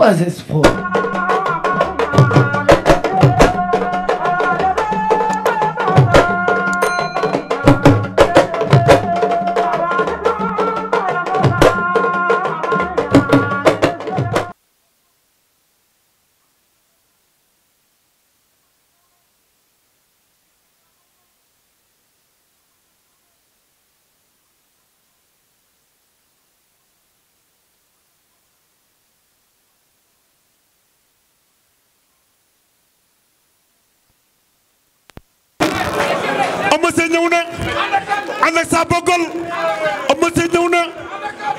trois espoirs. na ànd ak sa bëggol ñëw na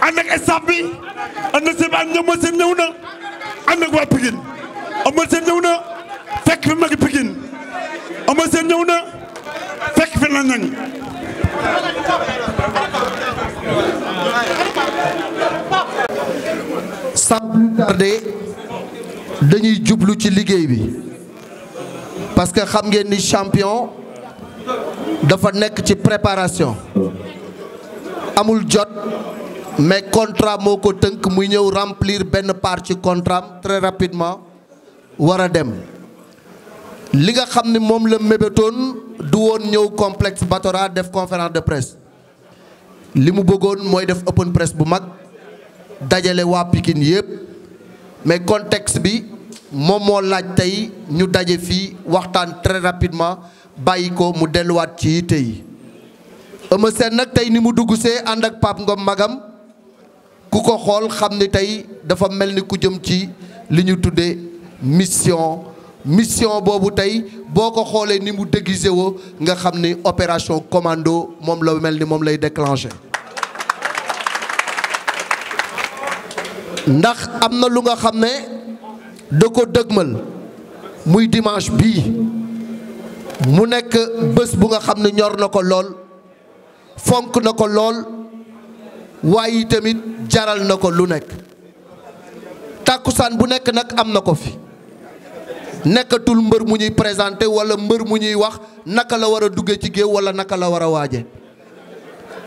ànd ak staff bi ànd seen ñëw na ànd waa Pikine Eumeu Sène ñëw na fekk fi na fekk fi na dañuy jublu ci liggéey bi parce que xam ngeen ni champion dafa nekk ci préparation amul jot mais contrat moo ko tënk muy ñëw remplir benn part ci contrat très rapidement war a dem li nga xam ni moom la mébétoon du woon ñëw complex Batora def conférence de presse li mu bëggoon mooy def open presse bu mag dajale waa Pikine yépp mais contexte bi moom moo laaj tey ñu daje fii waxtaan très rapidement bàyyi ko mu delluwaat ci yitte yi Eumeu nag tey ni mu dugg see ànd ak Pape Ngom magam ku ko xool xam ni tey dafa mel ni ku jëm ci li ñu tuddee mission mission boobu tey boo ko xoolee ni mu déguisé woo nga xam ni opération commando moom la mel ni moom lay déclenché ndax am na lu nga xam ne da ko dëgmal muy dimanche bii mu nekk bés bu nga xam ne ñor na ko lool fonk na ko lool waaye tamit jaral na ko lu nekk tàkkusaan bu nekk nag am na ko fi nekkatul mbër mu ñuy présenté wala mbër mu ñuy wax naka la war a dugge ci géew wala naka la war a waaje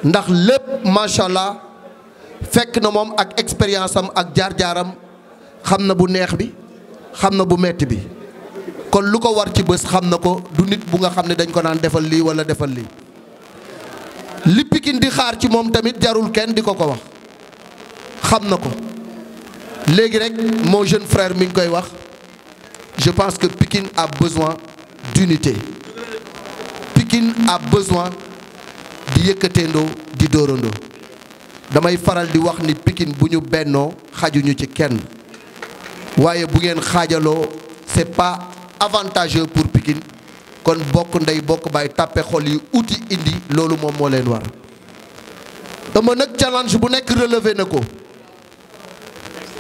ndax lépp macha allah fekk na moom ak expérience am ak jaar-jaaram xam na bu neex bi xam na bu metti bi kon lu ko war ci bés xam na ko du nit bu nga xam ne dañ ko naan defal lii wala defal lii li Pikine di xaar ci moom tamit jarul kenn di ko ko wax xam na ko léegi rek moo jeune frère mi ngi koy wax je pense que Pikine ab besoin d'unité Pikine ab besoin di yëkkateendoo di dóorandoo damay faral di wax ni Pikine bu ñu bennoo xajuñu ci kenn waaye bu ngeen xaajaloo c'est pas avantageux pour pikin kon bokk ndey bokk baay tàppe xol yi uti indi loolu moom moo leen war dama nag challenge bu nekk relevé na ko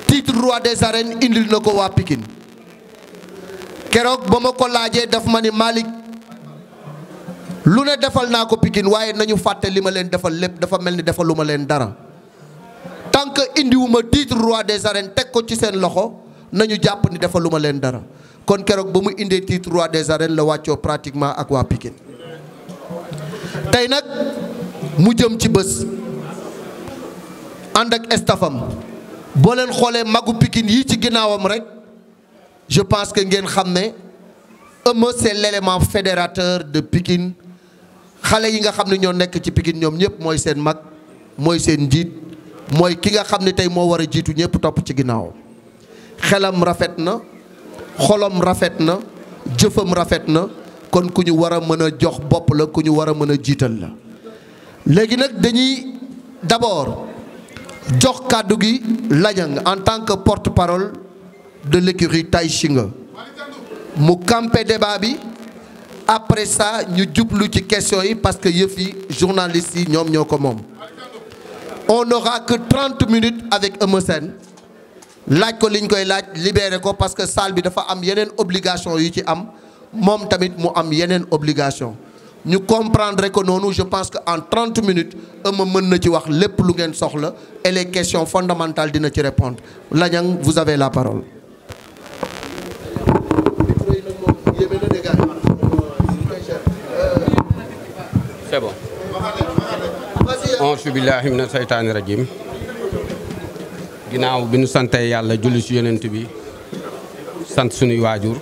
titre roi des arènes indil na ko waa Pikine keroog ba ma ko laajee dafa ma ni Malick lu ne defal naa ko pikin waaye nañu fàtte li ma leen defal lépp dafa mel ni defaluma leen dara tant que indiwuma titre roi des arènes teg ko ci seen loxo nañu jàpp ni defaluma leen dara kon keroog ba mu indee titre roi des arènes la wàccoo pratiquement ak waa Pikine tey nag mu jëm ci bés ànd ak estafam boo leen xoolee magu pikin yi ci ginnaawam rek je pense que ngeen xam ne Eumeu c'est l'élément fédérateur de pikin xale yi nga xam ne ñoo nekk ci pikin ñoom ñëpp mooy seen mag mooy seen njiit mooy ki nga xam ne tey moo war a jiitu ñëpp topp ci ginnaawam xelam rafet na. xolom rafet na jëfam rafet na kon ku ñu war a mën a jox bopp la ku ñu war a mën a jiital la léegi nag dañuy d'abord jox kàddu gi Ladiang en tant que porte-parole de l'écurie Tay Shinga mu campé débat bi après sa ñu jublu ci question yi parce que yëf yi journalistes yi ñoom ñoo ko moom on n'aura que minutes avec Eumeu laaj ko liñ koy laaj libéré ko parce que salle bi dafa am yeneen obligation yu ci am moom tamit mu am yeneen obligation ñu comprendre ko noonu je pense que en trente minutes Eumeu mën na ci wax lépp lu ngeen soxla et les questions fondamentales dina ci répondre Lagnang vous avez la parole. c'est bon. auzu ginnaaw bi ñu santee yàlla julli ci yonent bi sant suñuy waajur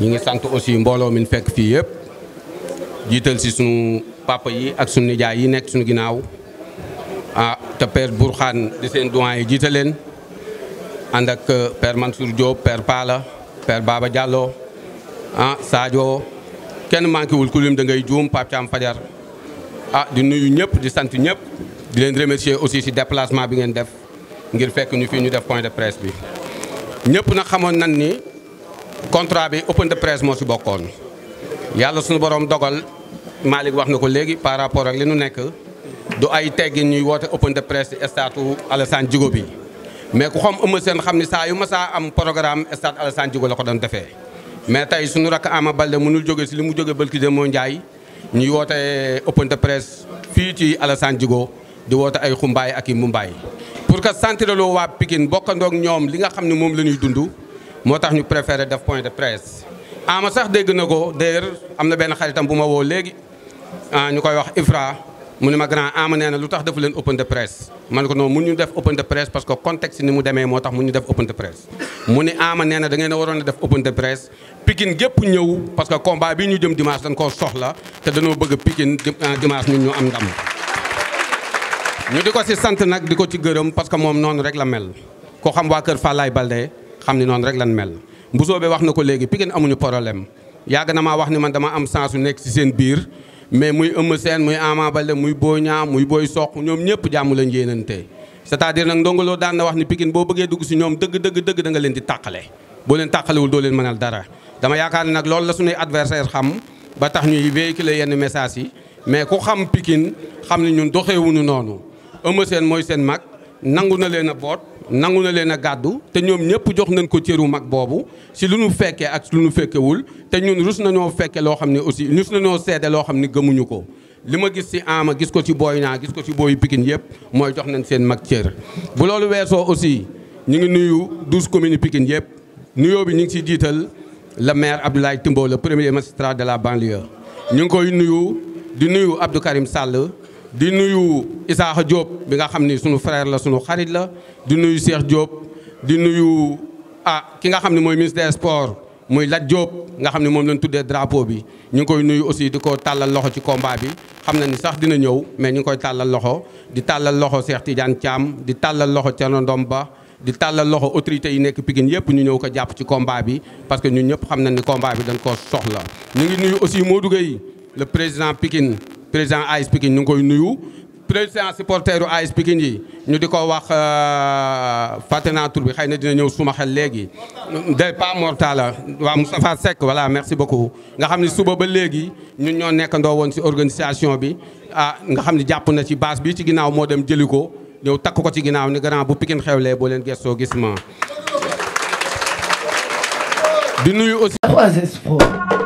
ñu ngi sant aussi mbooloo mi fekk fii yëpp jiital si suñu papa yi ak suñu nijaay yi nekk suñu ginnaaw ah te père Bourkhane di seen doyen yi jiital leen ànd ak euh, père Mansour Diop père Pala père Baba jàlloo ah Sadio kenn manqué wul ku lim da ngay juum Pape Thiam Fajar ah di nuyu ñëpp di sant ñëpp di leen remercier aussi si déplacement bi ngeen def. ngir fekk ñu fii ñu def point de presse bi ñëpp nag xamoon nan ni contrat bi open de presse moo si bokkoon yàlla suñu borom dogal Malick wax na ko léegi par rapport ak li nu nekk du ay teggin ñuy woote open de presse ci stade Alassane Djigo bi mais ku xam Eumeu seen xam ni saa yu ma saa am programme stade Alassane Djigo la ko doon defee mais tey suñu rakk Ama Baldé mënul jóge si li mu jóge bëlki de moo Ndiaye ñuy woote open de presse fii ci Alassane Djigo di woote ay xumbaay ak i mumbaay pour que sentiraloo waa Pikine bokkandoog ñoom li nga xam ne moom la ñuy dund moo tax ñu préféré def point de presse ama sax dégg na ko d'ailleurs am na benn xaritam bu ma woo léegi ah ñu koy wax Ifra mu ne lu tax defu leen open de presse man ko ñu def open de parce que contexte ni mu demee moo tax mun ñu def open de presse mu ne ama nee na da waroon a def open de presse Pikine gépp ñëw parce que combat bi ñu jëm dimanche dañ koo soxla te danoo bëgg Pikine ah, dimanche mu ñu am ndam ñu di ko si sant nag di ko ci gërëm parce que moom noonu rek la mel koo xam waa kër Fallaye Balde xam ni noonu rek lan mel Mbusoobe wax na ko léegi Pikine amuñu problème yàgg na maa wax ni man dama am sens su nekk si seen biir mais muy Eumeu Sène muy Ama Balde muy Boy Niang muy booy Sokh ñoom ñëpp jàmm lañ yéenante c'est-à-dire nag Ndongo Lo daan na wax ni Pikine boo bëggee dugg si ñoom dëgg dëgg dëgg da leen di tàqale boo leen tàqalewul doo leen mënal dara dama yaakaar ne nag loolu la suñuy adversaire xam ba tax ñuy véhiculer yenn message yi mais ku xam Pikine xam ne ñun doxeewuñu noonu Eumeu Sène mooy seen mag nangu na leen a boot nangu na leen a gàddu te ñoom ñëpp jox nañ ko cëru mag boobu si lu nu fekkee ak lu nu fekkewul te ñun rus nañoo fekke loo xam ne aussi rus nañoo seede loo xam ni gëmuñu ko li ma gis si Ama gis ko ci booy naa gis ko si booyu Pikine yëpp mooy jox nañ seen mag cër bu loolu weesoo aussi ñu ngi nuyu douze communes pikin yëpp nuyoo bi ñu ngi si jiital le maire Abdoulaye Timbo le premier magistrat de la banlieue ñu ngi koy nuyu di nuyu Abdou Sall di nuyu Isaaxa Diop bi nga xam ni suñu frère la suñu xarit la di nuyu Cheikh jóob di nuyu ah ki nga xam ne mooy ministre des muy Lat Diop nga xam ne moom lañ tuddee drapeau bi ñu ngi koy nuyu aussi di ko tàllal loxo ci combat bi xam na ni sax dina ñëw mais ñu ngi koy tàllal loxo di tàllal loxo Cheikh Tidiane Thiam di tàllal loxo Thierno ba di tàllal loxo autorités yi nekk Pikine yëpp ñu ñëw ko jàpp ci combat bi parce que ñun ñëpp xam na ni combat bi dañ ko soxla ñu président Pikine président AS Pikine ñu koy nuyu président supporteru AS Pikine yi ñu di ko wax euh, fàtte naa bi xëy na dina ñëw suma xel léegi de pas mortala waa Moustapha Seck voilà merci beaucoup nga xam ne suba ba léegi ñun ñoo nekkandoo woon si organisation bi ah nga xam ni jàpp na ci base bi ci ginnaaw moo dem jëli ko ñëw takk ko ci ginnaaw ni grand bu Pikine xew lee booleen gestoo gis ma di nuyu aussi